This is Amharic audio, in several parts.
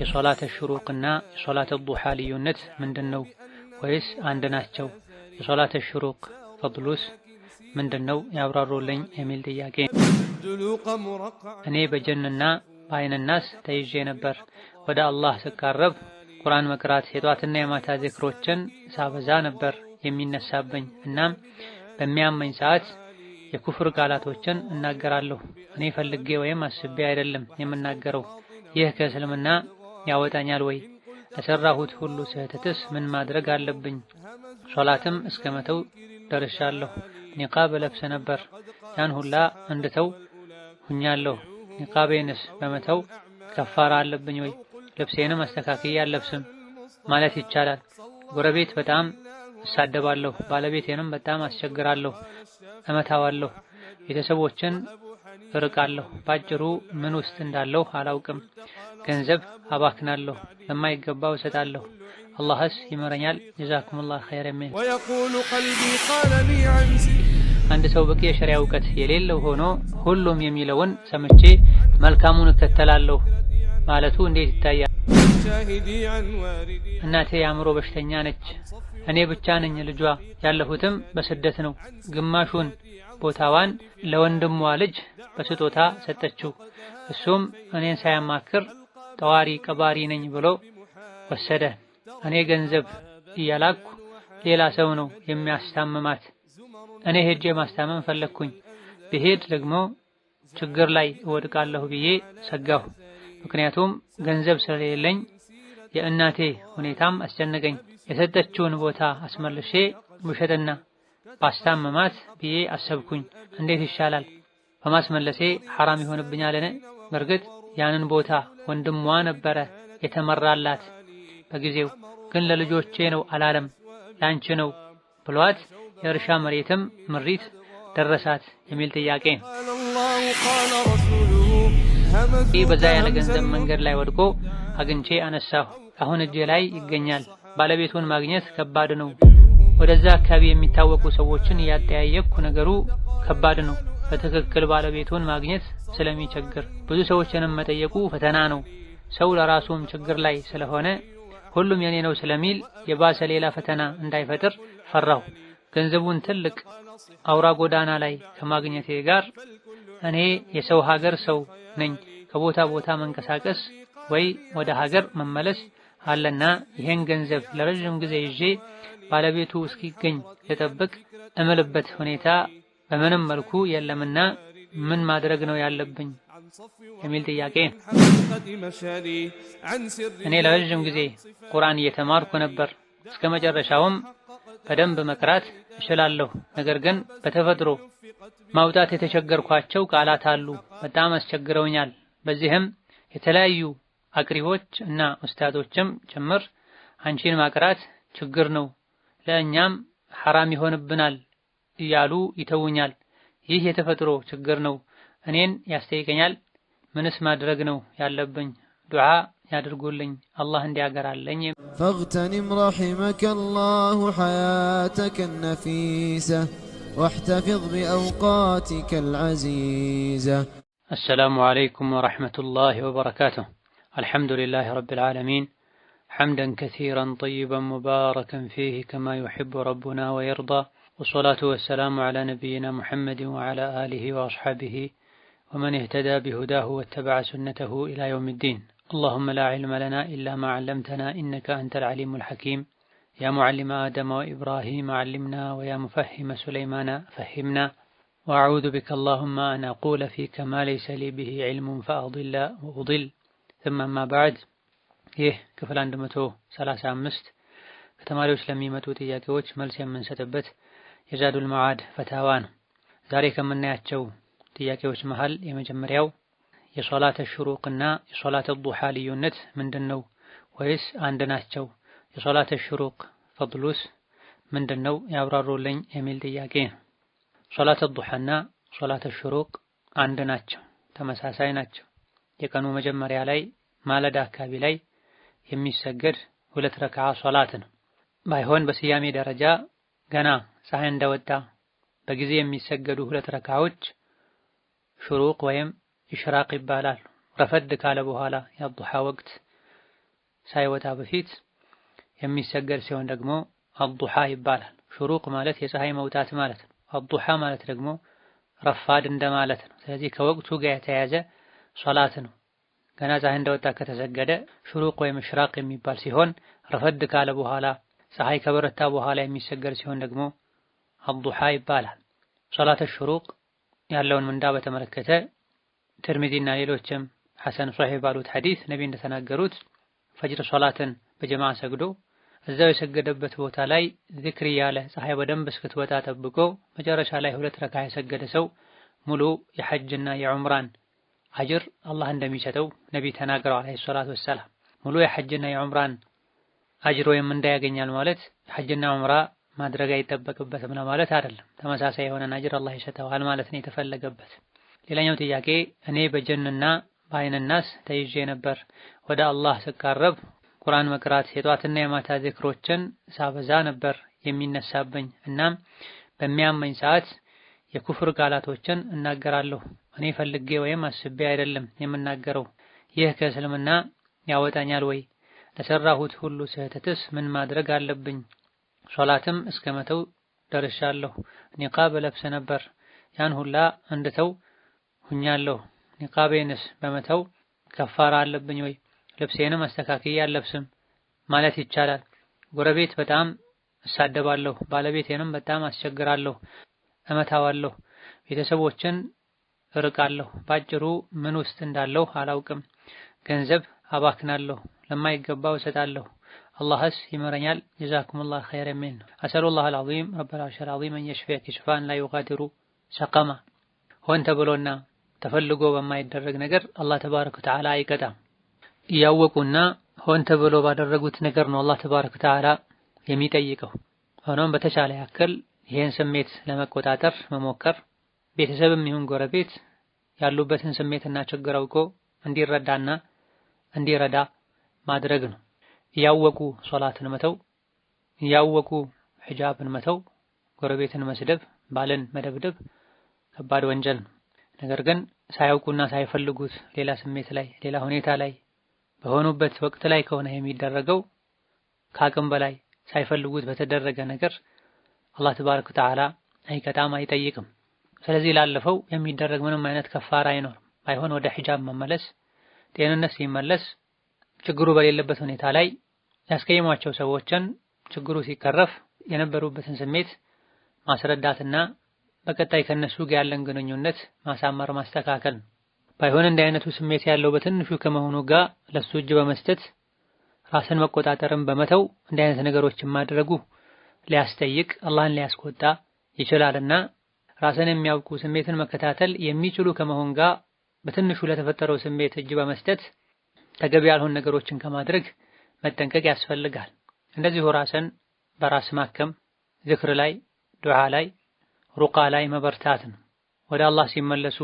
የሶላተ ሽሩቅና የሶላተ ዱሓ ልዩነት ምንድን ነው? ወይስ አንድ ናቸው? የሶላተ ሽሩቅ ፈድሉስ ምንድን ነው? ያብራሩልኝ የሚል ጥያቄ። እኔ በጅንና በአይንናስ ተይዤ ነበር። ወደ አላህ ስቃረብ ቁርአን መቅራት የጧትና የማታ ዝክሮችን ሳበዛ ነበር የሚነሳብኝ። እናም በሚያመኝ ሰዓት የኩፍር ቃላቶችን እናገራለሁ። እኔ ፈልጌ ወይም አስቤ አይደለም የምናገረው። ይህ ከእስልምና ያወጣኛል ወይ? ለሰራሁት ሁሉ ስህተትስ ምን ማድረግ አለብኝ? ሶላትም እስከ መተው ደርሻለሁ። ኒቃብ ለብሰ ነበር፣ ያን ሁላ እንድተው ሁኛለሁ። ኒቃቤንስ በመተው ከፋራ አለብኝ ወይ? ልብሴንም አስተካክዬ አለብስም ማለት ይቻላል? ጎረቤት በጣም እሳደባለሁ፣ ባለቤቴንም በጣም አስቸግራለሁ፣ እመታዋለሁ፣ ቤተሰቦችን እርቃለሁ። ባጭሩ ምን ውስጥ እንዳለሁ አላውቅም። ገንዘብ አባክናለሁ፣ ለማይገባው እሰጣለሁ። አላህስ ይመረኛል ጀዛኩሙላህ ኸይር የሚል አንድ ሰው በቂ የሸሪያ እውቀት የሌለው ሆኖ ሁሉም የሚለውን ሰምቼ መልካሙን እከተላለሁ ማለቱ እንዴት ይታያል? እናቴ የአእምሮ በሽተኛ ነች። እኔ ብቻ ነኝ ልጇ። ያለሁትም በስደት ነው። ግማሹን ቦታዋን ለወንድሟ ልጅ በስጦታ ሰጠችው። እሱም እኔን ሳያማክር ጠዋሪ ቀባሪ ነኝ ብሎ ወሰደ። እኔ ገንዘብ እያላኩ ሌላ ሰው ነው የሚያስታምማት። እኔ ሄጄ ማስታመም ፈለግኩኝ። ብሄድ ደግሞ ችግር ላይ እወድቃለሁ ብዬ ሰጋሁ። ምክንያቱም ገንዘብ ስለሌለኝ የእናቴ ሁኔታም አስጨነቀኝ። የሰጠችውን ቦታ አስመልሼ ውሸትና ባስታመማት ብዬ አሰብኩኝ። እንዴት ይሻላል? በማስመለሴ ሐራም ይሆንብኛልን? በእርግጥ ያንን ቦታ ወንድሟ ነበረ የተመራላት በጊዜው ግን ለልጆቼ ነው አላለም፣ ላንቺ ነው ብሏት የእርሻ መሬትም ምሪት ደረሳት የሚል ጥያቄ ነው። በዛ ያለ ገንዘብ መንገድ ላይ ወድቆ አግኝቼ አነሳሁ። አሁን እጄ ላይ ይገኛል። ባለቤቱን ማግኘት ከባድ ነው። ወደዛ አካባቢ የሚታወቁ ሰዎችን እያጠያየኩ ነገሩ ከባድ ነው። በትክክል ባለቤቱን ማግኘት ስለሚቸግር ብዙ ሰዎችንም መጠየቁ ፈተና ነው። ሰው ለራሱም ችግር ላይ ስለሆነ ሁሉም የኔ ነው ስለሚል የባሰ ሌላ ፈተና እንዳይፈጥር ፈራሁ። ገንዘቡን ትልቅ አውራ ጎዳና ላይ ከማግኘቴ ጋር እኔ የሰው ሀገር ሰው ነኝ። ከቦታ ቦታ መንቀሳቀስ ወይ ወደ ሀገር መመለስ አለና ይሄን ገንዘብ ለረዥም ጊዜ ይዤ ባለቤቱ እስኪገኝ ልጠብቅ እምልበት ሁኔታ በምንም መልኩ የለምና ምን ማድረግ ነው ያለብኝ የሚል ጥያቄ። እኔ ለረዥም ጊዜ ቁርአን እየተማርኩ ነበር። እስከ መጨረሻውም በደንብ መቅራት እችላለሁ። ነገር ግን በተፈጥሮ ማውጣት የተቸገርኳቸው ቃላት አሉ። በጣም አስቸግረውኛል። በዚህም የተለያዩ አቅሪቦች እና ኡስታዞችም ጭምር አንቺን ማቅራት ችግር ነው፣ ለእኛም ሐራም ይሆንብናል እያሉ ይተውኛል። ይህ የተፈጥሮ ችግር ነው። እኔን ያስጠይቀኛል። ምንስ ማድረግ ነው ያለብኝ? ዱዓ ያድርጉልኝ፣ አላህ እንዲያገራለኝ። ፈግተኒም ረሒመከ ላሁ ሐያተከ ነፊሰ ወሕተፊዝ ቢአውቃቲከ ልዐዚዘ። አሰላሙ ዓለይኩም ወረሕመቱላሂ ወበረካቱሁ الحمد لله رب العالمين حمدا كثيرا طيبا مباركا فيه كما يحب ربنا ويرضى والصلاة والسلام على نبينا محمد وعلى آله وأصحابه ومن اهتدى بهداه واتبع سنته إلى يوم الدين اللهم لا علم لنا إلا ما علمتنا إنك أنت العليم الحكيم يا معلم آدم وإبراهيم علمنا ويا مفهم سليمان فهمنا وأعوذ بك اللهم أن أقول فيك ما ليس لي به علم فأضل وأضل ثم ባዕድ ይህ ክፍል 135 ከተማሪዎች ለሚመጡ ጥያቄዎች መልስ የምንሰጥበት የዛዱል መዓድ ፈታዋ ነው። ዛሬ ከምናያቸው ጥያቄዎች መሃል የመጀመሪያው የሶላት ሽሩቅና የሶላተ ዱሃ ልዩነት ምንድን ነው? ወይስ አንድ ናቸው? የሶላት ሽሩቅ ፈድሉስ ምንድን ነው? ያብራሩልኝ የሚል ጥያቄ ነው። ሶላት ዱሓና ሶላት ሽሩቅ አንድ ናቸው፣ ተመሳሳይ ናቸው። የቀኑ መጀመሪያ ላይ ማለዳ አካባቢ ላይ የሚሰገድ ሁለት ረክዓ ሶላት ነው። ባይሆን በስያሜ ደረጃ ገና ፀሐይ እንደወጣ በጊዜ የሚሰገዱ ሁለት ረክዓዎች ሹሩቅ ወይም ኢሽራቅ ይባላሉ። ረፈድ ካለ በኋላ የአዱሓ ወቅት ሳይወጣ በፊት የሚሰገድ ሲሆን ደግሞ አዱሃ ይባላል። ሹሩቅ ማለት የፀሐይ መውጣት ማለት ነው። አዱሓ ማለት ደግሞ ረፋድ እንደማለት ነው። ስለዚህ ከወቅቱ ጋር የተያያዘ ሶላት ነው። ገና ፀሐይ እንደወጣ ከተሰገደ ሽሩቅ ወይም ሽራቅ የሚባል ሲሆን ረፈድ ካለ በኋላ ፀሐይ ከበረታ በኋላ የሚሰገድ ሲሆን ደግሞ አዱሃ ይባላል። ሶላተ ሽሩቅ ያለውን ምንዳ በተመለከተ ትርሚዚና ሌሎችም ሐሰን ሶሒህ ባሉት ሐዲስ ነቢ እንደተናገሩት ፈጅር ሶላትን በጀማ ሰግዶ እዛው የሰገደበት ቦታ ላይ ዝክር እያለ ፀሐይ በደንብ እስክትወጣ ጠብቆ መጨረሻ ላይ ሁለት ረካ የሰገደ ሰው ሙሉ የሐጅና የዑምራን አጅር አላህ እንደሚሰጠው ነቢ ተናግረዋል። አለይሂ ሰላቱ ወሰላም ሙሉ የሐጅና የዑምራን አጅር ወይም እንዳያገኛል ማለት ሐጅና ዑምራ ማድረግ አይጠበቅበትም ለማለት አይደለም። ተመሳሳይ የሆነን አጅር አላህ ይሰጠዋል ማለት ነው የተፈለገበት። ሌላኛው ጥያቄ እኔ በጀንና በአይንናስ ተይዤ ነበር። ወደ አላህ ስቃረብ ቁርአን መቅራት የጧትና የማታ ዝክሮችን ሳበዛ ነበር የሚነሳብኝ። እናም በሚያመኝ ሰዓት የኩፍር ቃላቶችን እናገራለሁ እኔ ፈልጌ ወይም አስቤ አይደለም የምናገረው። ይህ ከእስልምና ያወጣኛል ወይ? ለሰራሁት ሁሉ ስህተትስ ምን ማድረግ አለብኝ? ሶላትም እስከ መተው ደርሻለሁ። ኒቃብ ለብሰ ነበር ያን ሁላ እንድተው ሁኛለሁ። ኒቃቤንስ በመተው ከፋራ አለብኝ ወይ? ልብሴንም አስተካክዬ አለብስም ማለት ይቻላል? ጎረቤት በጣም እሳደባለሁ፣ ባለቤቴንም በጣም አስቸግራለሁ፣ እመታዋለሁ፣ ቤተሰቦችን እርቃለሁ። ባጭሩ ምን ውስጥ እንዳለው አላውቅም። ገንዘብ አባክናለሁ፣ ለማይገባው እሰጣለሁ። አላህስ ይምረኛል። ጀዛኩሙላህ ኸይር የሚል ነው። አሰሉላህ አልዓዚም ረበል ዓርሽል ዓዚም አን የሽፊየ ከሽፋን ላ ዩጋዲሩ ሰቀማ። ሆን ተብሎና ተፈልጎ በማይደረግ ነገር አላህ ተባረከ ወተዓላ አይቀጣም። እያወቁና ሆን ተብሎ ባደረጉት ነገር ነው አላህ ተባረከ ወተዓላ የሚጠይቀው። ሆኖም በተቻለ ያክል ይህን ስሜት ለመቆጣጠር መሞከር ቤተሰብም ይሁን ጎረቤት ያሉበትን ስሜትና ችግር አውቆ እንዲረዳና እንዲረዳ ማድረግ ነው። እያወቁ ሶላትን መተው፣ እያወቁ ሒጃብን መተው፣ ጎረቤትን መስደብ፣ ባልን መደብደብ ከባድ ወንጀል ነው። ነገር ግን ሳያውቁና ሳይፈልጉት ሌላ ስሜት ላይ ሌላ ሁኔታ ላይ በሆኑበት ወቅት ላይ ከሆነ የሚደረገው ከአቅም በላይ ሳይፈልጉት በተደረገ ነገር አላህ ተባረከ ወተዓላ አይቀጣም፣ አይጠይቅም። ስለዚህ ላለፈው የሚደረግ ምንም አይነት ከፋራ አይኖርም። ባይሆን ወደ ሒጃብ መመለስ ጤንነት ሲመለስ ችግሩ በሌለበት ሁኔታ ላይ ያስቀየሟቸው ሰዎችን ችግሩ ሲቀረፍ የነበሩበትን ስሜት ማስረዳትና በቀጣይ ከነሱ ጋር ያለን ግንኙነት ማሳመር ማስተካከል ባይሆን እንዲህ አይነቱ ስሜት ያለው በትንሹ ከመሆኑ ጋር ለሱ እጅ በመስጠት ራስን መቆጣጠርን በመተው እንደ አይነት ነገሮችን ማድረጉ ሊያስጠይቅ አላህን ሊያስቆጣ ይችላልና ራስን የሚያውቁ ስሜትን መከታተል የሚችሉ ከመሆን ጋር በትንሹ ለተፈጠረው ስሜት እጅ በመስጠት ተገቢ ያልሆን ነገሮችን ከማድረግ መጠንቀቅ ያስፈልጋል። እንደዚሁ ራስን በራስ ማከም ዝክር ላይ፣ ዱዓ ላይ፣ ሩቃ ላይ መበርታት ነው። ወደ አላህ ሲመለሱ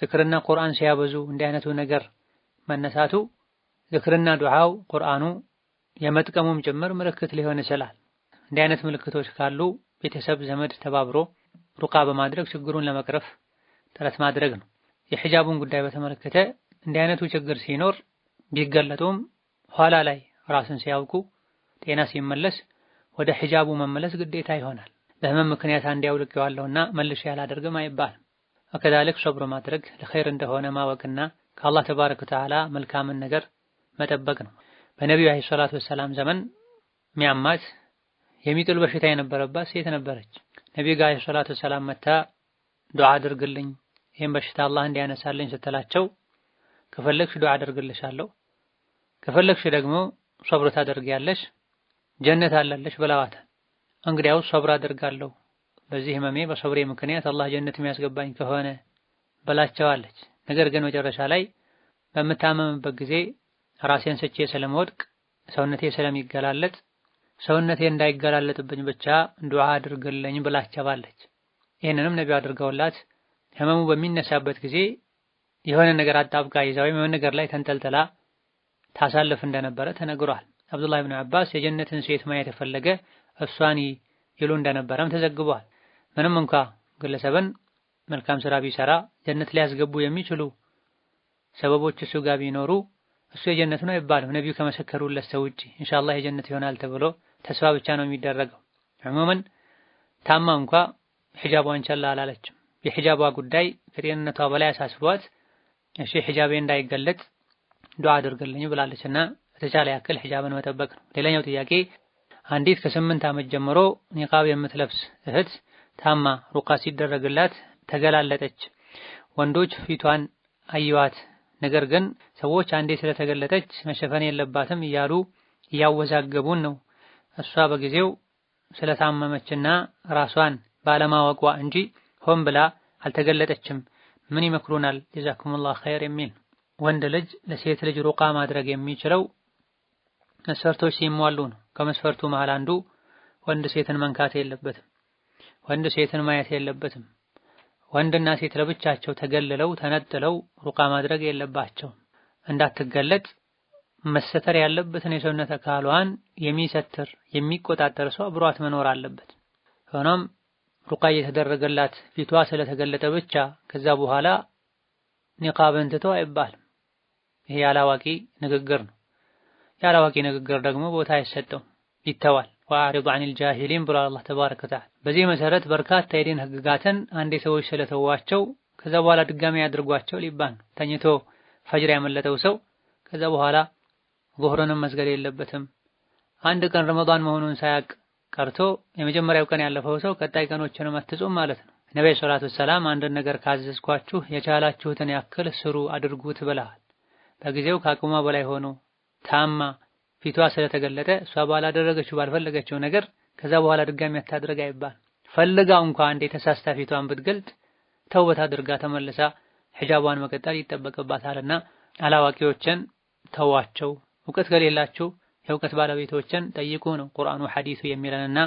ዝክርና ቁርአን ሲያበዙ እንዲህ አይነቱ ነገር መነሳቱ ዝክርና ዱዓው ቁርአኑ የመጥቀሙም ጭምር ምልክት ሊሆን ይችላል። እንዲህ አይነት ምልክቶች ካሉ ቤተሰብ ዘመድ ተባብሮ ሩቃ በማድረግ ችግሩን ለመቅረፍ ጥረት ማድረግ ነው። የሂጃቡን ጉዳይ በተመለከተ እንዲህ አይነቱ ችግር ሲኖር ቢገለጡም ኋላ ላይ ራስን ሲያውቁ ጤና ሲመለስ ወደ ሂጃቡ መመለስ ግዴታ ይሆናል። በህመም ምክንያት አንዴ አውልቄዋለሁና መልሼ አላደርግም አይባልም። ከዛልክ ሶብር ማድረግ ለኸይር እንደሆነ ማወቅና ከአላህ ተባረከ ወተዓላ መልካምን ነገር መጠበቅ ነው። በነቢዩ ዓለይሂ ሰላቱ ወሰላም ዘመን ሚያማት የሚጥል በሽታ የነበረባት ሴት ነበረች። ነቢዩ ጋር ሰላቱ ሰላም መታ ዱዓ አድርግልኝ ይህም በሽታ አላህ እንዲያነሳልኝ ስትላቸው ከፈለግሽ ዱዓ አድርግልሻለሁ፣ ከፈለግሽ ደግሞ ሶብር ታደርጊያለሽ፣ ጀነት አላለሽ ብለዋታል። እንግዲያውስ ሶብር አድርጋለሁ፣ በዚህ ህመሜ በሶብሬ ምክንያት አላህ ጀነት የሚያስገባኝ ከሆነ ብላቸዋለች። ነገር ግን መጨረሻ ላይ በምታመምበት ጊዜ ራሴን ስቼ ስለምወድቅ ሰውነቴ ስለሚገላለጥ ሰውነቴ እንዳይገላለጥብኝ ብቻ ዱዓ አድርግልኝ ብላቸዋለች። ይህንንም ነቢዩ አድርገውላት ህመሙ በሚነሳበት ጊዜ የሆነ ነገር አጣብቃ ይዛ ወይም የሆነ ነገር ላይ ተንጠልጥላ ታሳልፍ እንደነበረ ተነግሯል። አብዱላህ ብን አባስ የጀነትን ሴት ማየት የፈለገ እሷን ይሉ እንደነበረም ተዘግቧል። ምንም እንኳ ግለሰብን መልካም ስራ ቢሰራ ጀነት ሊያስገቡ የሚችሉ ሰበቦች እሱ ጋር ቢኖሩ እሱ የጀነት ነው አይባልም። ነቢዩ ከመሰከሩለት ሰው ውጪ ኢንሻአላህ የጀነት ይሆናል ተብሎ ተስፋ ብቻ ነው የሚደረገው። ዑሙመን ታማ እንኳ ሒጃቧን ቸላ አላለችም። የሒጃቧ ጉዳይ ከጤንነቷ በላይ አሳስቧት እሺ ሒጃቤ እንዳይገለጥ ዱዓ አድርግልኝ ብላለችና በተቻለ ያክል ሒጃብን መጠበቅ ነው። ሌላኛው ጥያቄ አንዲት ከስምንት ዓመት ጀምሮ ኒቃብ የምትለብስ እህት ታማ ሩቃ ሲደረግላት ተገላለጠች። ወንዶች ፊቷን አየዋት ነገር ግን ሰዎች አንዴ ስለተገለጠች መሸፈን የለባትም እያሉ እያወዛገቡን ነው። እሷ በጊዜው ስለታመመችና ራሷን ባለማወቋ እንጂ ሆን ብላ አልተገለጠችም። ምን ይመክሩናል? ጀዛኩሙላህ ኸይር የሚል ወንድ ልጅ ለሴት ልጅ ሩቃ ማድረግ የሚችለው መስፈርቶች ሲሟሉ ነው። ከመስፈርቱ መሃል አንዱ ወንድ ሴትን መንካት የለበትም። ወንድ ሴትን ማየት የለበትም። ወንድና ሴት ለብቻቸው ተገልለው ተነጥለው ሩቃ ማድረግ የለባቸው። እንዳትገለጥ መሰተር ያለበትን የሰውነት አካሏን የሚሰትር የሚቆጣጠር ሰው አብሯት መኖር አለበት። ሆኖም ሩቃ እየተደረገላት ፊቷ ስለተገለጠ ብቻ ከዛ በኋላ ኒቃብን ትቶ አይባልም። ይሄ ያላዋቂ ንግግር ነው። ያላዋቂ ንግግር ደግሞ ቦታ አይሰጠው፣ ይተዋል። ወአዕሪድ ዐኒል ጃሂሊን ብሏል አላህ ተባረከ ወተዓላ። በዚህ መሰረት በርካታ የዲን ህግጋትን አንዴ ሰዎች ስለተዋቸው ከዛ በኋላ ድጋሚ ያድርጓቸው ሊባል ነው። ተኝቶ ፈጅር ያመለጠው ሰው ከዛ በኋላ ዙህርንም መስገድ የለበትም። አንድ ቀን ረመዳን መሆኑን ሳያቅ ቀርቶ የመጀመሪያው ቀን ያለፈው ሰው ቀጣይ ቀኖችንም አትጹም ማለት ነው። ነብይ ሰለላሁ ዐለይሂ አንድን ነገር ካዘዝኳችሁ የቻላችሁትን ያክል ስሩ አድርጉት ብለዋል። በጊዜው ከአቅሟ በላይ ሆኖ ታማ ፊቷ ስለተገለጠ እሷ ባላደረገችው ባልፈለገችው ነገር ከዛ በኋላ ድጋሚ አታድርግ አይባል። ፈልጋው እንኳ አንዴ ተሳስታ ፊቷን ብትገልጥ ተውበት አድርጋ ተመልሳ ሒጃቧን መቀጠል ይጠበቅባታልና አላዋቂዎችን ተዋቸው፣ እውቀት ከሌላችሁ የእውቀት ባለቤቶችን ጠይቁ ነው ቁርአኑ ሐዲሱ የሚለንና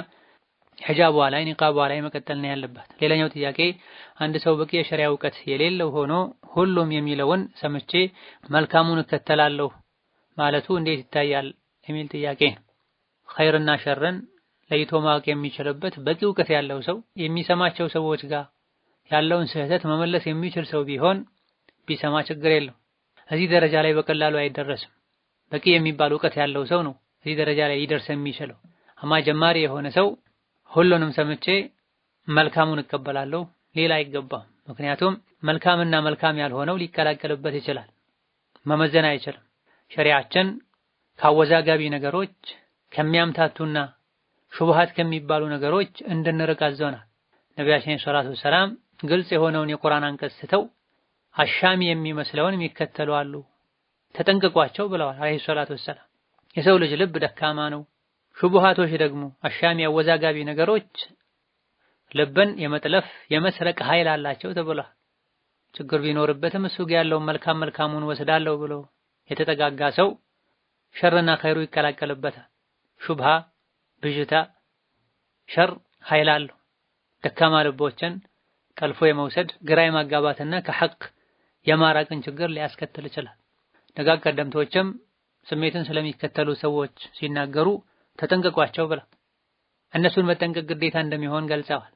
ሒጃቧ ላይ ኒቃቧ ላይ መቀጠል ነው ያለባት። ሌላኛው ጥያቄ አንድ ሰው በቂ የሸሪያ እውቀት የሌለው ሆኖ ሁሉም የሚለውን ሰምቼ መልካሙን እከተላለሁ ማለቱ እንዴት ይታያል? የሚል ጥያቄ ነው። ኸይርና ሸርን ለይቶ ማወቅ የሚችልበት በቂ እውቀት ያለው ሰው የሚሰማቸው ሰዎች ጋር ያለውን ስህተት መመለስ የሚችል ሰው ቢሆን ቢሰማ ችግር የለው። እዚህ ደረጃ ላይ በቀላሉ አይደረስም። በቂ የሚባል እውቀት ያለው ሰው ነው እዚህ ደረጃ ላይ ይደርስ የሚችለው። አማ ጀማሪ የሆነ ሰው ሁሉንም ሰምቼ መልካሙን እቀበላለሁ፣ ሌላ አይገባም። ምክንያቱም መልካምና መልካም ያልሆነው ሊቀላቀልበት ይችላል። መመዘን አይችልም። ሸሪያችን ከአወዛጋቢ ነገሮች ከሚያምታቱና ሹብሃት ከሚባሉ ነገሮች እንድንርቅ አዘውናል። ነቢያችን ሰላቱ ሰላም ግልጽ የሆነውን የቁርአን አንቀጽ ስተው አሻሚ የሚመስለውን የሚከተሉ አሉ፣ ተጠንቅቋቸው ብለዋል አለይሂ ሰላቱ ሰላም። የሰው ልጅ ልብ ደካማ ነው። ሹብሃቶች ደግሞ አሻሚ አወዛጋቢ ነገሮች ልብን የመጥለፍ የመስረቅ ኃይል አላቸው ተብሏል። ችግር ቢኖርበትም እሱ ጋር ያለውን መልካም መልካሙን ወስዳለሁ ብሎ የተጠጋጋ ሰው ሸርና ኸይሩ ይቀላቀልበታል። ሹብሃ ብዥታ፣ ሸር ኃይል አለው። ደካማ ልቦችን ጠልፎ የመውሰድ ግራ የማጋባትና ከሐቅ የማራቅን ችግር ሊያስከትል ይችላል። ደጋግ ቀደምቶችም ስሜትን ስለሚከተሉ ሰዎች ሲናገሩ ተጠንቀቋቸው ብላ እነሱን መጠንቀቅ ግዴታ እንደሚሆን ገልጸዋል።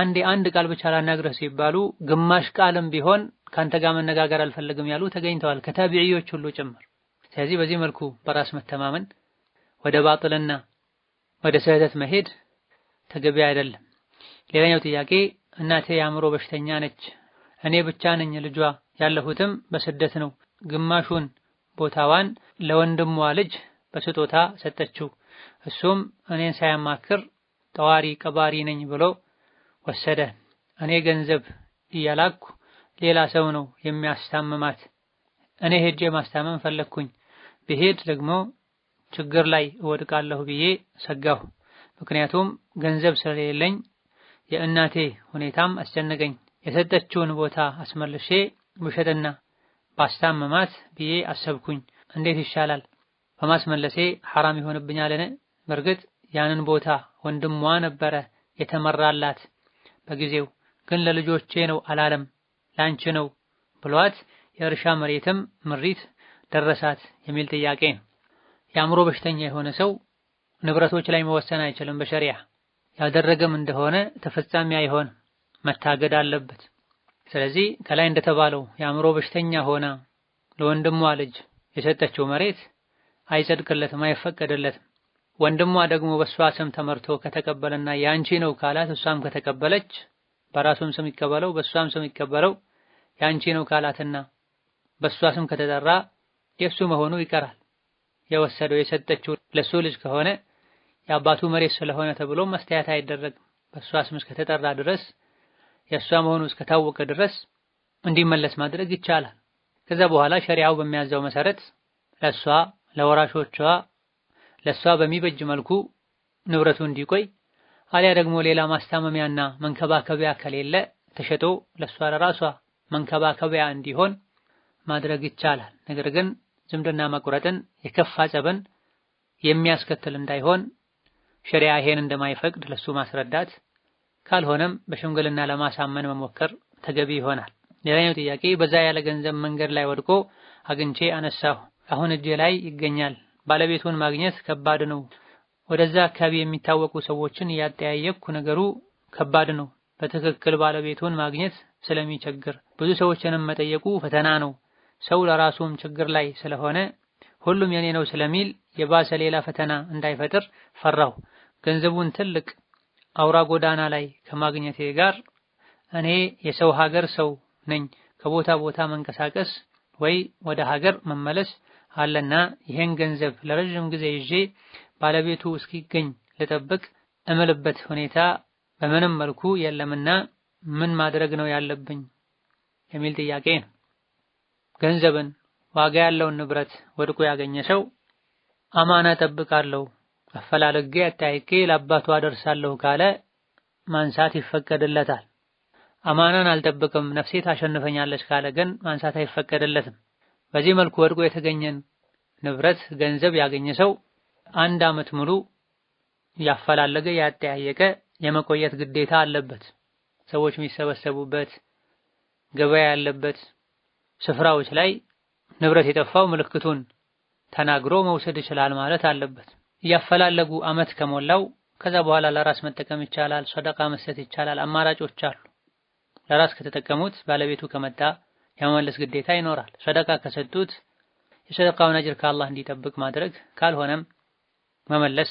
አንዴ አንድ ቃል ብቻ ላናግረህ ሲባሉ ግማሽ ቃልም ቢሆን ካንተ ጋር መነጋገር አልፈልግም ያሉ ተገኝተዋል፣ ከታቢዕዮች ሁሉ ጭምር ስለዚህ በዚህ መልኩ በራስ መተማመን ወደ ባጥልና ወደ ስህተት መሄድ ተገቢ አይደለም። ሌላኛው ጥያቄ እናቴ የአእምሮ በሽተኛ ነች። እኔ ብቻ ነኝ ልጇ፣ ያለሁትም በስደት ነው። ግማሹን ቦታዋን ለወንድሟ ልጅ በስጦታ ሰጠችው። እሱም እኔን ሳያማክር ጠዋሪ ቀባሪ ነኝ ብሎ ወሰደ። እኔ ገንዘብ እያላኩ ሌላ ሰው ነው የሚያስታምማት። እኔ ሄጄ ማስታመም ፈለግኩኝ። ብሄድ ደግሞ ችግር ላይ እወድቃለሁ ብዬ ሰጋሁ። ምክንያቱም ገንዘብ ስለሌለኝ የእናቴ ሁኔታም አስጨነቀኝ። የሰጠችውን ቦታ አስመልሼ ብሸጥና ባስታመማት ብዬ አሰብኩኝ። እንዴት ይሻላል? በማስመለሴ ሐራም ይሆንብኛልን? በእርግጥ ያንን ቦታ ወንድሟ ነበረ የተመራላት በጊዜው ግን ለልጆቼ ነው አላለም፣ ላንቺ ነው ብሏት የእርሻ መሬትም ምሪት ደረሳት የሚል ጥያቄ ነው። የአእምሮ በሽተኛ የሆነ ሰው ንብረቶች ላይ መወሰን አይችልም። በሸሪያ ያደረገም እንደሆነ ተፈጻሚ አይሆን መታገድ አለበት። ስለዚህ ከላይ እንደተባለው የአእምሮ በሽተኛ ሆና ለወንድሟ ልጅ የሰጠችው መሬት አይጸድቅለትም፣ አይፈቀድለትም። ወንድሟ ደግሞ በእሷ ስም ተመርቶ ከተቀበለና የአንቺ ነው ካላት እሷም ከተቀበለች በራሱም ስም ይቀበለው በእሷም ስም ይቀበለው የአንቺ ነው ካላትና በእሷ ስም ከተጠራ የእሱ መሆኑ ይቀራል። የወሰደው የሰጠችው ለሱ ልጅ ከሆነ የአባቱ መሬት ስለሆነ ተብሎ መስተያየት አይደረግም። በእሷ ስም እስከተጠራ ድረስ የእሷ መሆኑ እስከታወቀ ድረስ እንዲመለስ ማድረግ ይቻላል። ከዛ በኋላ ሸሪዓው በሚያዘው መሰረት ለእሷ ለወራሾቿ ለእሷ በሚበጅ መልኩ ንብረቱ እንዲቆይ አሊያ ደግሞ ሌላ ማስታመሚያና መንከባከቢያ ከሌለ ተሸጦ ለእሷ ለራሷ መንከባከቢያ እንዲሆን ማድረግ ይቻላል። ነገር ግን ዝምድና መቁረጥን የከፋ ጸብን የሚያስከትል እንዳይሆን ሸሪያ ይሄን እንደማይፈቅድ ለሱ ማስረዳት ካልሆነም በሽምግልና ለማሳመን መሞከር ተገቢ ይሆናል። ሌላኛው ጥያቄ በዛ ያለ ገንዘብ መንገድ ላይ ወድቆ አግኝቼ አነሳሁ፣ አሁን እጄ ላይ ይገኛል። ባለቤቱን ማግኘት ከባድ ነው። ወደዛ አካባቢ የሚታወቁ ሰዎችን እያጠያየቅኩ ነገሩ ከባድ ነው። በትክክል ባለቤቱን ማግኘት ስለሚቸግር ብዙ ሰዎችንም መጠየቁ ፈተና ነው ሰው ለራሱም ችግር ላይ ስለሆነ ሁሉም የኔ ነው ስለሚል የባሰ ሌላ ፈተና እንዳይፈጥር ፈራሁ። ገንዘቡን ትልቅ አውራ ጎዳና ላይ ከማግኘቴ ጋር እኔ የሰው ሀገር ሰው ነኝ፣ ከቦታ ቦታ መንቀሳቀስ ወይ ወደ ሀገር መመለስ አለና ይሄን ገንዘብ ለረጅም ጊዜ ይዤ ባለቤቱ እስኪገኝ ልጠብቅ እምልበት ሁኔታ በምንም መልኩ የለምና ምን ማድረግ ነው ያለብኝ የሚል ጥያቄ ነው። ገንዘብን፣ ዋጋ ያለውን ንብረት ወድቆ ያገኘ ሰው አማና ጠብቃለሁ አፈላልጌ አታይቄ ለአባቱ አደርሳለሁ ካለ ማንሳት ይፈቀድለታል። አማናን አልጠብቅም ነፍሴ ታሸንፈኛለች ካለ ግን ማንሳት አይፈቀድለትም። በዚህ መልኩ ወድቆ የተገኘን ንብረት ገንዘብ ያገኘ ሰው አንድ ዓመት ሙሉ ያፈላለገ ያጠያየቀ የመቆየት ግዴታ አለበት። ሰዎች የሚሰበሰቡበት ገበያ ያለበት ስፍራዎች ላይ ንብረት የጠፋው ምልክቱን ተናግሮ መውሰድ ይችላል ማለት አለበት። እያፈላለጉ አመት ከሞላው ከዛ በኋላ ለራስ መጠቀም ይቻላል፣ ሰደቃ መስጠት ይቻላል። አማራጮች አሉ። ለራስ ከተጠቀሙት ባለቤቱ ከመጣ የመመለስ ግዴታ ይኖራል። ሰደቃ ከሰጡት የሰደቃውን አጅር ከአላህ እንዲጠብቅ ማድረግ፣ ካልሆነም መመለስ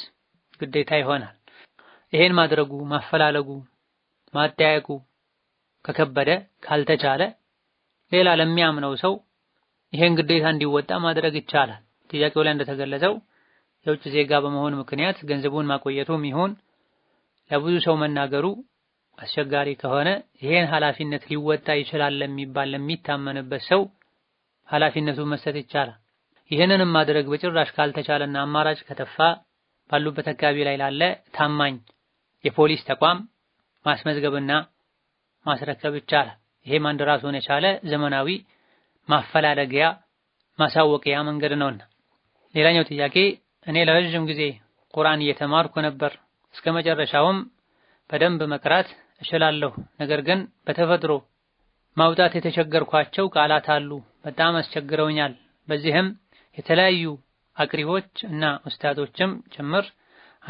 ግዴታ ይሆናል። ይሄን ማድረጉ ማፈላለጉ ማጠያየቁ ከከበደ ካልተቻለ ሌላ ለሚያምነው ሰው ይሄን ግዴታ እንዲወጣ ማድረግ ይቻላል። ጥያቄው ላይ እንደተገለጸው የውጭ ዜጋ በመሆን ምክንያት ገንዘቡን ማቆየቱም ይሁን ለብዙ ሰው መናገሩ አስቸጋሪ ከሆነ ይሄን ኃላፊነት ሊወጣ ይችላል ለሚባል ለሚታመንበት ሰው ኃላፊነቱን መስጠት ይቻላል። ይህንንም ማድረግ በጭራሽ ካልተቻለና አማራጭ ከተፋ ባሉበት አካባቢ ላይ ላለ ታማኝ የፖሊስ ተቋም ማስመዝገብና ማስረከብ ይቻላል። ይሄም አንድ ራሱን የቻለ ዘመናዊ ማፈላለጊያ ማሳወቂያ መንገድ ነውና። ሌላኛው ጥያቄ እኔ ለረዥም ጊዜ ቁርአን እየተማርኩ ነበር፣ እስከ መጨረሻውም በደንብ መቅራት እችላለሁ። ነገር ግን በተፈጥሮ ማውጣት የተቸገርኳቸው ቃላት አሉ፣ በጣም አስቸግረውኛል። በዚህም የተለያዩ አቅሪቦች እና ኡስታዞችም ጭምር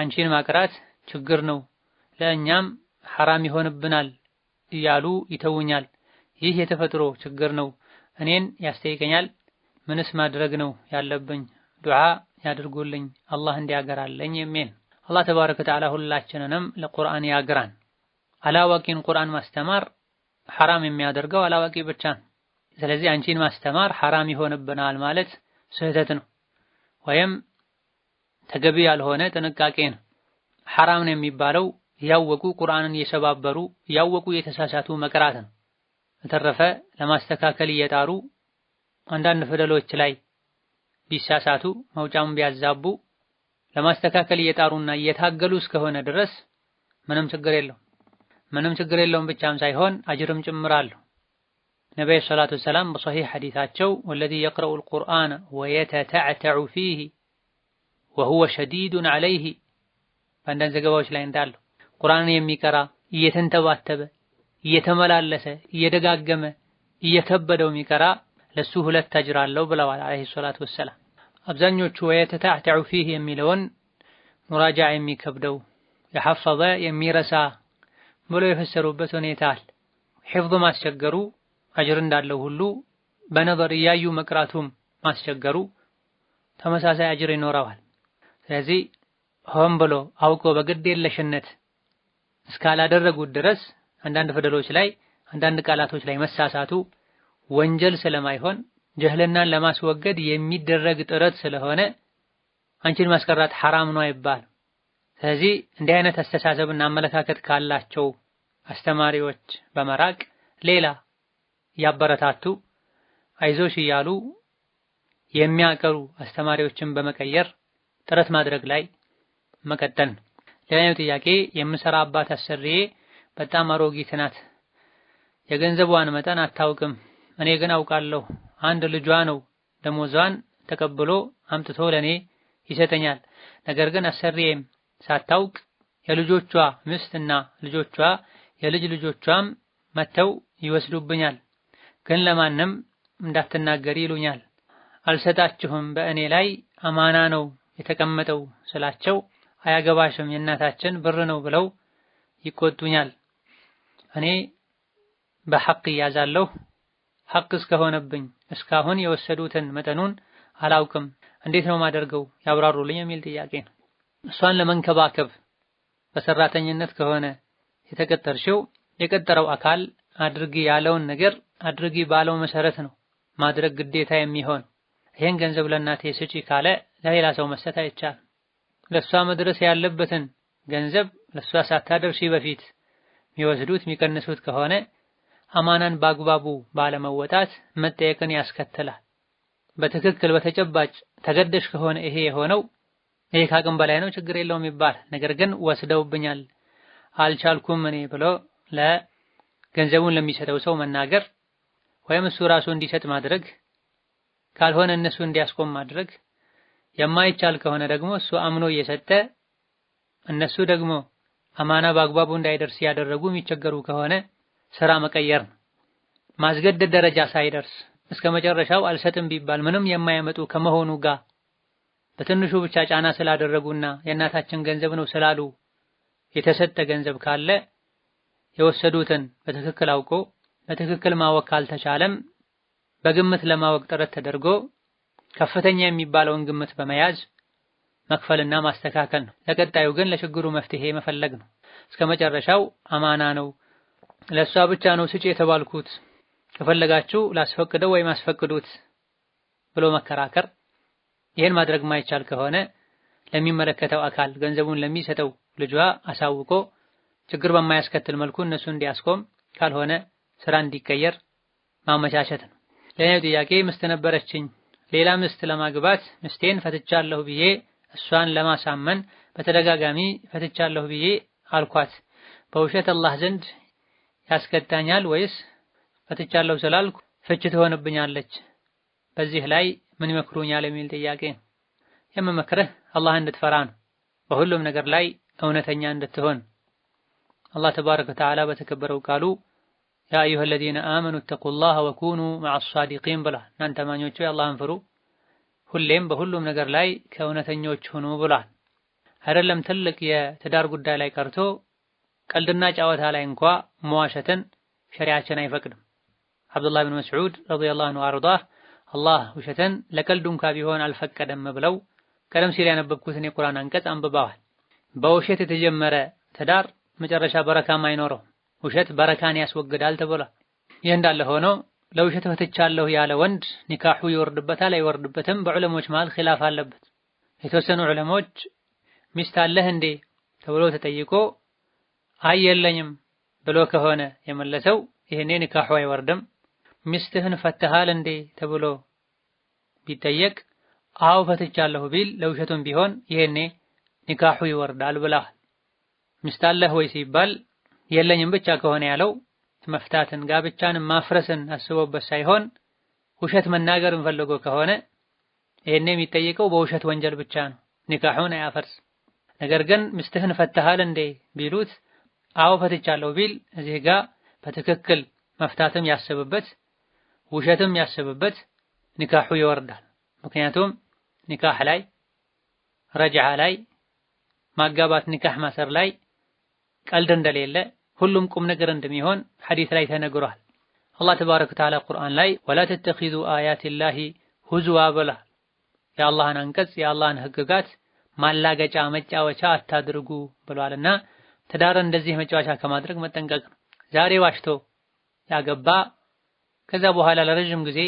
አንቺን ማቅራት ችግር ነው፣ ለእኛም ሐራም ይሆንብናል እያሉ ይተውኛል። ይህ የተፈጥሮ ችግር ነው፣ እኔን ያስጠይቀኛል፣ ምንስ ማድረግ ነው ያለብኝ? ዱዓ ያድርጉልኝ፣ አላህ እንዲያገራለኝ የሚል አላህ ተባረከ ተዓላ ሁላችንንም ለቁርአን ያግራን። አላዋቂን ቁርአን ማስተማር ሐራም የሚያደርገው አላዋቂ ብቻ ስለዚህ አንቺን ማስተማር ሐራም ይሆንብናል ማለት ስህተት ነው ወይም ተገቢ ያልሆነ ጥንቃቄ ነው። ሐራም ነው የሚባለው ያወቁ ቁርአንን እየሰባበሩ ያወቁ የተሳሳቱ መቅራት ነው። በተረፈ ለማስተካከል እየጣሩ አንዳንድ ፊደሎች ላይ ቢሳሳቱ መውጫውን ቢያዛቡ ለማስተካከል እየጣሩና እየታገሉ እስከሆነ ድረስ ምንም ችግር የለውም። ምንም ችግር የለውም ብቻም ሳይሆን አጅርም ጭምር አለው። ነቢዩ ሰላቱ ወሰላም በሶሒሕ ሐዲታቸው ወለዚ የቅረኡል ቁርአነ ወየተተዕተዑ ፊህ ወሁወ ሸዲዱን ዐለይህ በአንዳንድ ዘገባዎች ላይ እንዳለው ቁርአንን የሚቀራ እየተንተባተበ እየተመላለሰ እየደጋገመ እየከበደው የሚቀራ ለሱ ሁለት አጅር አለው ብለዋል አለይሂ ሰላቱ ወሰላም። አብዛኞቹ ወየተታዕተዑ ፊህ የሚለውን ሙራጃ የሚከብደው የሐፈዘ የሚረሳ ብሎ የፈሰሩበት ሁኔታ አለ። ሒፍዝ ማስቸገሩ አጅር እንዳለው ሁሉ በነበር እያዩ መቅራቱም ማስቸገሩ ተመሳሳይ አጅር ይኖረዋል። ስለዚህ ሆን ብሎ አውቆ በግድ የለሽነት እስካላደረጉት ድረስ አንዳንድ ፊደሎች ላይ አንዳንድ ቃላቶች ላይ መሳሳቱ ወንጀል ስለማይሆን ጀህልናን ለማስወገድ የሚደረግ ጥረት ስለሆነ አንቺን ማስቀራት ሐራም ነው አይባል። ስለዚህ እንዲህ አይነት አስተሳሰብና አመለካከት ካላቸው አስተማሪዎች በመራቅ ሌላ እያበረታቱ አይዞሽ እያሉ የሚያቀሩ አስተማሪዎችን በመቀየር ጥረት ማድረግ ላይ መቀጠል ነው። ሌላኛው ጥያቄ የምሰራባት አሰሪዬ በጣም አሮጊት ናት። የገንዘቧን መጠን አታውቅም። እኔ ግን አውቃለሁ። አንድ ልጇ ነው ደሞዟን ተቀብሎ አምጥቶ ለኔ ይሰጠኛል። ነገር ግን አሰሪዬም ሳታውቅ የልጆቿ ምስትና ልጆቿ የልጅ ልጆቿም መጥተው ይወስዱብኛል። ግን ለማንም እንዳትናገሪ ይሉኛል። አልሰጣችሁም፣ በእኔ ላይ አማና ነው የተቀመጠው ስላቸው አያገባሽም፣ የእናታችን ብር ነው ብለው ይቆጡኛል። እኔ በሐቅ እያዛለሁ ሐቅ እስከሆነብኝ እስካሁን የወሰዱትን መጠኑን አላውቅም፣ እንዴት ነው ማደርገው ያብራሩልኝ የሚል ጥያቄ ነው። እሷን ለመንከባከብ በሰራተኝነት ከሆነ የተቀጠርሽው የቀጠረው አካል አድርጊ ያለውን ነገር አድርጊ ባለው መሰረት ነው ማድረግ ግዴታ የሚሆን። ይህን ገንዘብ ለእናቴ ስጪ ካለ ለሌላ ሰው መስጠት አይቻልም። ለእሷ መድረስ ያለበትን ገንዘብ ለእሷ ሳታደርሺ በፊት የሚወስዱት የሚቀንሱት ከሆነ አማናን በአግባቡ ባለመወጣት መጠየቅን ያስከትላል። በትክክል በተጨባጭ ተገደሽ ከሆነ ይሄ የሆነው ይሄ ከአቅም በላይ ነው፣ ችግር የለውም ይባል። ነገር ግን ወስደውብኛል፣ አልቻልኩም እኔ ብሎ ለገንዘቡን ለሚሰጠው ሰው መናገር ወይም እሱ ራሱ እንዲሰጥ ማድረግ ካልሆነ እነሱ እንዲያስቆም ማድረግ የማይቻል ከሆነ ደግሞ እሱ አምኖ እየሰጠ እነሱ ደግሞ አማና በአግባቡ እንዳይደርስ ያደረጉ የሚቸገሩ ከሆነ ስራ መቀየር ነው። ማስገደድ ደረጃ ሳይደርስ እስከ መጨረሻው አልሰጥም ቢባል ምንም የማያመጡ ከመሆኑ ጋር በትንሹ ብቻ ጫና ስላደረጉና የእናታችን ገንዘብ ነው ስላሉ የተሰጠ ገንዘብ ካለ የወሰዱትን በትክክል አውቆ በትክክል ማወቅ ካልተቻለም በግምት ለማወቅ ጥረት ተደርጎ ከፍተኛ የሚባለውን ግምት በመያዝ መክፈልና ማስተካከል ነው። ለቀጣዩ ግን ለችግሩ መፍትሄ መፈለግ ነው። እስከ መጨረሻው አማና ነው። ለእሷ ብቻ ነው ስጭ የተባልኩት፣ ከፈለጋችሁ ላስፈቅደው ወይም አስፈቅዱት ብሎ መከራከር። ይህን ማድረግ ማይቻል ከሆነ ለሚመለከተው አካል ገንዘቡን ለሚሰጠው ልጇ አሳውቆ ችግር በማያስከትል መልኩ እነሱ እንዲያስቆም ካልሆነ ስራ እንዲቀየር ማመቻቸት ነው። ለእኔው ጥያቄ ምስት ነበረችኝ፣ ሌላ ምስት ለማግባት ምስቴን ፈትቻለሁ ብዬ እሷን ለማሳመን በተደጋጋሚ ፈትቻለሁ ብዬ አልኳት። በውሸት አላህ ዘንድ ያስቀጣኛል ወይስ ፈትቻለሁ ስላልኩ ፍች ትሆንብኛለች? በዚህ ላይ ምን ይመክሩኛል የሚል ጥያቄ። የምመክርህ አላህ እንድትፈራ ነው። በሁሉም ነገር ላይ እውነተኛ እንድትሆን አላህ ተባረከ ወተዓላ በተከበረው ቃሉ ያ አዩሀ አለዚነ አመኑ ተቁላህ ወኩኑ መዐ አሳዲቂን ብሏል። እናንተ አማኞቹ አላህን ፍሩ ሁሌም በሁሉም ነገር ላይ ከእውነተኞች ሁኑ ብሏል። አይደለም ትልቅ የትዳር ጉዳይ ላይ ቀርቶ ቀልድና ጨዋታ ላይ እንኳ መዋሸትን ሸሪያችን አይፈቅድም። አብዱላህ ብን መስዑድ ረዲየላሁ ዐንሁ አርዳህ አላህ ውሸትን ለቀልድ እንኳ ቢሆን አልፈቀደም ብለው ቀደም ሲል ያነበብኩትን የቁርአን አንቀጽ አንብበዋል። በውሸት የተጀመረ ትዳር መጨረሻ በረካም አይኖረው። ውሸት በረካን ያስወግዳል ተብሏል። ይህ እንዳለ ሆኖ ለውሸት ፈትቻለሁ ያለ ወንድ ኒካሑ ይወርድበታል አይወርድበትም? በዑለሞች መሃል ኺላፍ አለበት። የተወሰኑ ዑለሞች ሚስት አለህ እንዴ ተብሎ ተጠይቆ አይ የለኝም ብሎ ከሆነ የመለሰው ይህኔ ኒካሑ አይወርድም። ሚስትህን ፈትሃል እንዴ ተብሎ ቢጠየቅ አው ፈትቻለሁ ቢል ለውሸቱም ቢሆን ይህኔ ኒካሑ ይወርዳል ብላ ሚስት አለህ ወይ ሲባል የለኝም ብቻ ከሆነ ያለው መፍታትን ጋብቻን ማፍረስን አስቦበት ሳይሆን ውሸት መናገር እንፈልጎ ከሆነ ይሄን የሚጠየቀው በውሸት ወንጀል ብቻ ነው። ኒካሁን አያፈርስ። ነገር ግን ምስትህን ፈተሃል እንዴ ቢሉት አዎ ፈትቻለሁ ቢል እዚህ ጋ በትክክል መፍታትም ያስብበት ውሸትም ያስብበት ኒካሑ ይወርዳል። ምክንያቱም ኒካህ ላይ ረጅዓ ላይ ማጋባት ኒካህ ማሰር ላይ ቀልድ እንደሌለ ሁሉም ቁም ነገር እንደሚሆን ሐዲስ ላይ ተነግሯል። አላህ ተባረከ ወተዓላ ቁርአን ላይ ወላ ተተኺዙ አያቲላሂ ሁዙዋ ብሏል። የአላህን አንቀጽ የአላህን ህግጋት ማላገጫ መጫወቻ አታድርጉ ብሏልና ትዳር እንደዚህ መጫወቻ ከማድረግ መጠንቀቅ ነው። ዛሬ ዋሽቶ ያገባ ከዛ በኋላ ለረዥም ጊዜ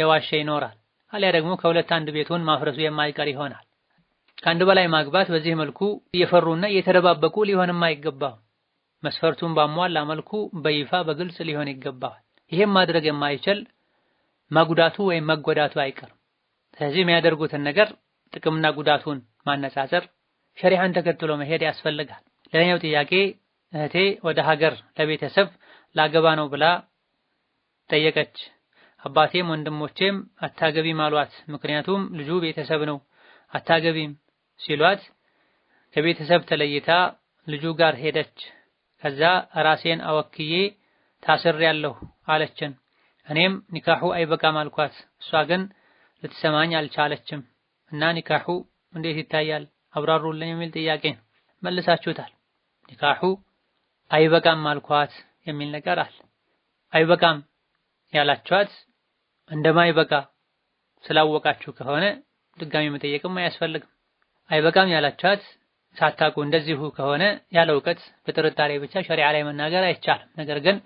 የዋሸ ይኖራል። አሊያ ደግሞ ከሁለት አንድ ቤቱን ማፍረሱ የማይቀር ይሆናል። ከአንድ በላይ ማግባት በዚህ መልኩ እየፈሩና እየተደባበቁ ሊሆን የማይገባው መስፈርቱን ባሟላ መልኩ በይፋ በግልጽ ሊሆን ይገባዋል። ይህም ማድረግ የማይችል መጉዳቱ ወይም መጎዳቱ አይቀርም። ስለዚህ የሚያደርጉትን ነገር ጥቅምና ጉዳቱን ማነጻጸር፣ ሸሪሃን ተከትሎ መሄድ ያስፈልጋል። ሌላኛው ጥያቄ እህቴ ወደ ሀገር ለቤተሰብ ላገባ ነው ብላ ጠየቀች። አባቴም ወንድሞቼም አታገቢም አሏት። ምክንያቱም ልጁ ቤተሰብ ነው አታገቢም ሲሏት ከቤተሰብ ተለይታ ልጁ ጋር ሄደች። ከዛ ራሴን አወክዬ ታስሬያለሁ አለችን። እኔም ኒካሑ አይበቃም አልኳት። እሷ ግን ልትሰማኝ አልቻለችም። እና ኒካሑ እንዴት ይታያል አብራሩልኝ የሚል ጥያቄ መልሳችሁታል። ኒካሑ አይበቃም አልኳት የሚል ነገር አለ። አይበቃም ያላችኋት እንደማይበቃ ስላወቃችሁ ከሆነ ድጋሚ መጠየቅም አያስፈልግም። አይበቃም ያላችኋት ሳታቁ እንደዚሁ ከሆነ ያለ እውቀት በጥርጣሬ ብቻ ሸሪዓ ላይ መናገር አይቻልም። ነገር ግን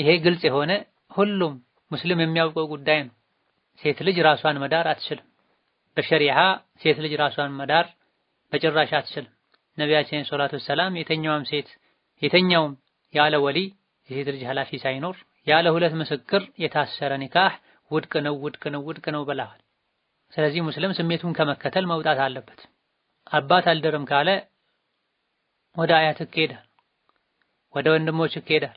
ይሄ ግልጽ የሆነ ሁሉም ሙስሊም የሚያውቀው ጉዳይ ነው። ሴት ልጅ ራሷን መዳር አትችልም። በሸሪዓ ሴት ልጅ ራሷን መዳር በጭራሽ አትችልም። ነቢያችን ሰላቱ ሰላም የተኛውም ሴት የተኛውም ያለ ወሊ የሴት ልጅ ኃላፊ ሳይኖር ያለ ሁለት ምስክር የታሰረ ኒካህ ውድቅ ነው፣ ውድቅ ነው፣ ውድቅ ነው ብለዋል። ስለዚህ ሙስሊም ስሜቱን ከመከተል መውጣት አለበት። አባት አልድርም ካለ ወደ አያት ይሄዳል፣ ወደ ወንድሞች ይሄዳል፣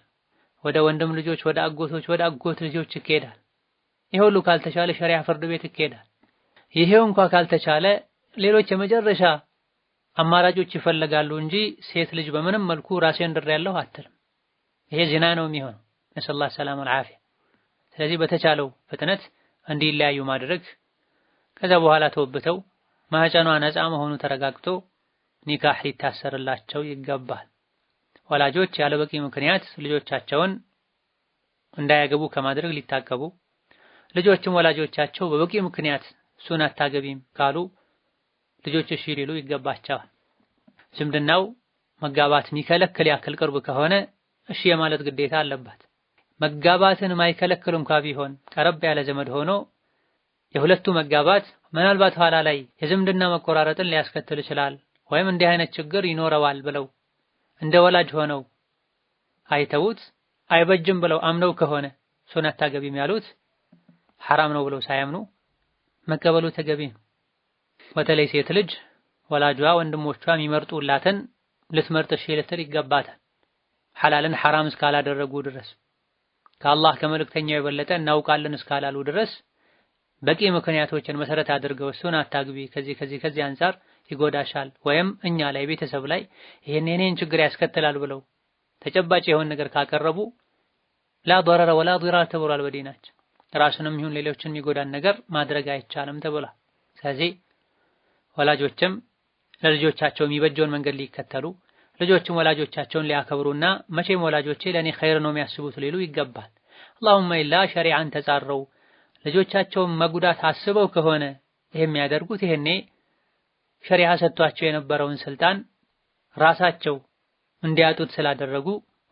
ወደ ወንድም ልጆች፣ ወደ አጎቶች፣ ወደ አጎት ልጆች ይሄዳል። ይሄ ሁሉ ካልተቻለ ሸሪያ ፍርድ ቤት ይሄዳል። ይሄው እንኳ ካልተቻለ ሌሎች የመጨረሻ አማራጮች ይፈለጋሉ እንጂ ሴት ልጅ በምንም መልኩ ራሴን ያለው አትልም። ይሄ ዜና ነው የሚሆነው። ነሰላ ሰላም አልዓፊያ። ስለዚህ በተቻለው ፍጥነት እንዲለያዩ ማድረግ ከዛ በኋላ ተወብተው ማህፀኗ ነፃ መሆኑ ተረጋግቶ ኒካህ ሊታሰርላቸው ይገባል። ወላጆች ያለበቂ ምክንያት ልጆቻቸውን እንዳያገቡ ከማድረግ ሊታቀቡ፣ ልጆችም ወላጆቻቸው በበቂ ምክንያት እሱን አታገቢም ካሉ ልጆች እሺ ሊሉ ይገባቸዋል። ዝምድናው መጋባት የሚከለክል ያክል ቅርብ ከሆነ እሺ የማለት ግዴታ አለባት። መጋባትን ማይከለክል እንኳ ቢሆን ቀረብ ያለ ዘመድ ሆኖ የሁለቱ መጋባት ምናልባት ኋላ ላይ የዝምድና መቆራረጥን ሊያስከትል ይችላል ወይም እንዲህ አይነት ችግር ይኖረዋል ብለው እንደ ወላጅ ሆነው አይተውት አይበጅም ብለው አምነው ከሆነ እሱን አታገቢም ያሉት ሐራም ነው ብለው ሳያምኑ መቀበሉ ተገቢ ነው። በተለይ ሴት ልጅ ወላጇ ወንድሞቿ የሚመርጡላትን ልትመርጥ እሺ ልትል ይገባታል። ሐላልን ሐራም እስካላደረጉ ድረስ ከአላህ ከመልእክተኛው የበለጠ እናውቃለን እስካላሉ ድረስ በቂ ምክንያቶችን መሰረት አድርገው እሱን አታግቢ ከዚህ ከዚህ ከዚህ አንጻር ይጎዳሻል ወይም እኛ ላይ ቤተሰብ ላይ ይሄን የኔን ችግር ያስከትላል ብለው ተጨባጭ የሆነ ነገር ካቀረቡ ላ ضرر ወላ ضرار ተብሏል። በዲናችን ራሱንም ይሁን ሌሎችን የሚጎዳን ነገር ማድረግ አይቻልም ተብሏል። ስለዚህ ወላጆችም ለልጆቻቸው የሚበጀውን መንገድ ሊከተሉ ልጆችም ወላጆቻቸውን ሊያከብሩና መቼም ወላጆቼ ለእኔ ኸይር ነው የሚያስቡት ሊሉ ይገባል። አላሁማ ኢላ ሸሪዓን ተጻረው ልጆቻቸውን መጉዳት አስበው ከሆነ ይሄም የሚያደርጉት ይሄኔ ሸሪዓ ሰጥቷቸው የነበረውን ስልጣን ራሳቸው እንዲያጡት ስላደረጉ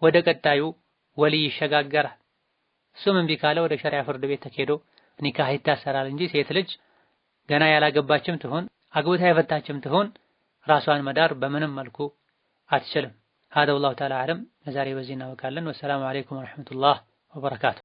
ወደ ቀጣዩ ወልይ ይሸጋገራል። እሱም እምቢ ካለ ወደ ሸሪዓ ፍርድ ቤት ተኬዶ ኒካህ ይታሰራል እንጂ ሴት ልጅ ገና ያላገባችም ትሆን አግብታ የፈታችም ትሆን ራሷን መዳር በምንም መልኩ አትችልም። ሀደ ወላሁ ተዓላ አዕለም። ለዛሬ በዚህ እናበቃለን። ወሰላሙ አለይኩም ወረሕመቱላህ ወበረካቱ።